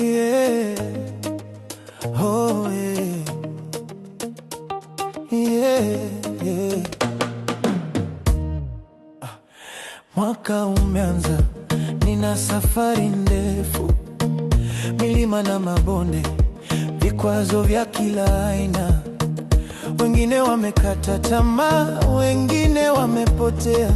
yeah. Oh, yeah. Yeah, yeah. Ah, mwaka umeanza, nina safari ndefu, milima na mabonde, vikwazo vya kila aina. Wengine wamekata tamaa, wengine wamepotea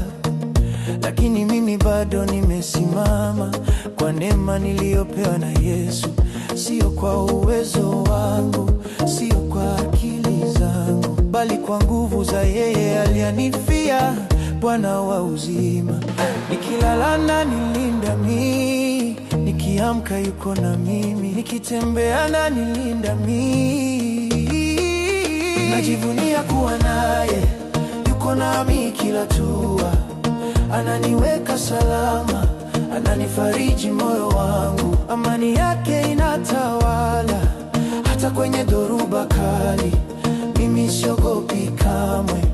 lakini mimi bado nimesimama kwa neema niliyopewa na Yesu, sio kwa uwezo wangu, sio kwa akili zangu, bali kwa nguvu za yeye alianifia, Bwana wa uzima. Nikilala ananilinda mimi, nikiamka yuko na mimi, nikitembea ananilinda mimi, najivunia kuwa naye, yuko nami kila tua ananiweka salama, ananifariji moyo wangu, amani yake inatawala hata kwenye dhoruba kali, mimi siogopi kamwe.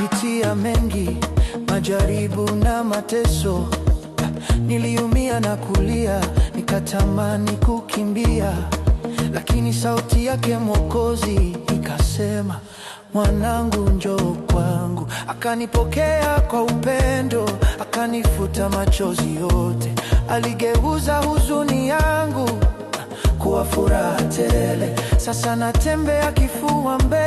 nilipitia mengi, majaribu na mateso. Niliumia na kulia, nikatamani kukimbia, lakini sauti yake Mwokozi ikasema, mwanangu, njoo kwangu. Akanipokea kwa upendo, akanifuta machozi yote, aligeuza huzuni yangu kuwa furaha tele. Sasa natembea kifua mbele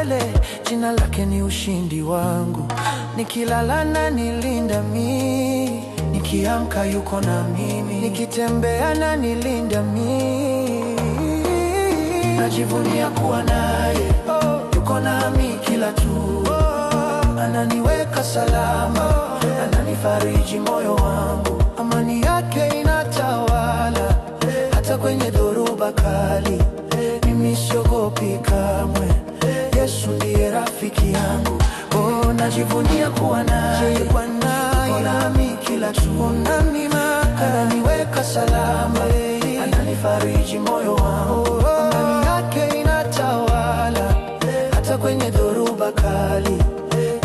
jina lake ni ushindi wangu, nikilala na nilinda mi, nikiamka yuko na mimi, nikitembea na nilinda mi, najivunia kuwa naye oh, yuko nami kila tu oh, ananiweka salama yeah, ananifariji moyo wangu, amani yake inatawala yeah, hata kwenye dhoruba kali yeah, mimi siogopi kamwe rafiki yangu oh, najivunia kuwa naye kwa naye nami kila tuonani ananiweka salama ananifariji moyo wangu oh, oh, yake inatawala hey, hata kwenye dhoruba kali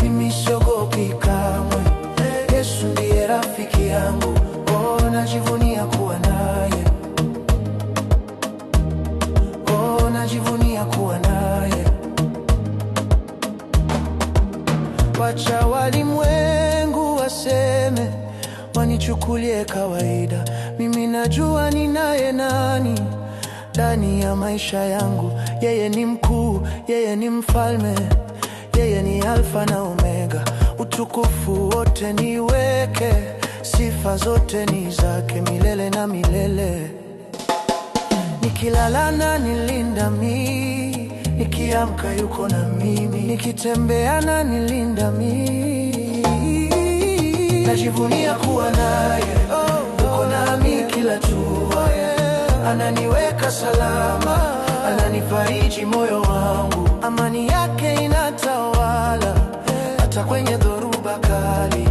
hey, siogopi kamwe hey, Yesu ndiye rafiki yangu oh, najivunia kuwa naye wacha walimwengu waseme, wanichukulie kawaida. Mimi najua ninaye nani ndani ya maisha yangu. Yeye ni mkuu, yeye ni mfalme, yeye ni Alfa na Omega. Utukufu wote niweke, sifa zote ni zake milele na milele. Nikilala na nilinda mimi nikiamka yuko na mimi, nikitembea na nilinda mimi, najivunia kuwa naye oh, uko nami kila tua Ananiweka salama, ananifariji moyo wangu, amani yake inatawala hata kwenye dhoruba kali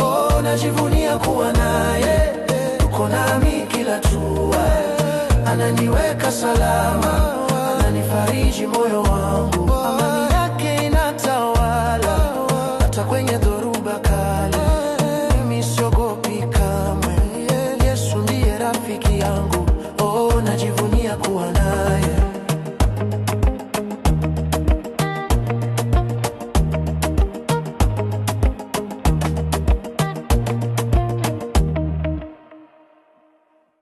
oh, Najivunia kuwa naye, uko nami ananiweka salama, ananifariji moyo wangu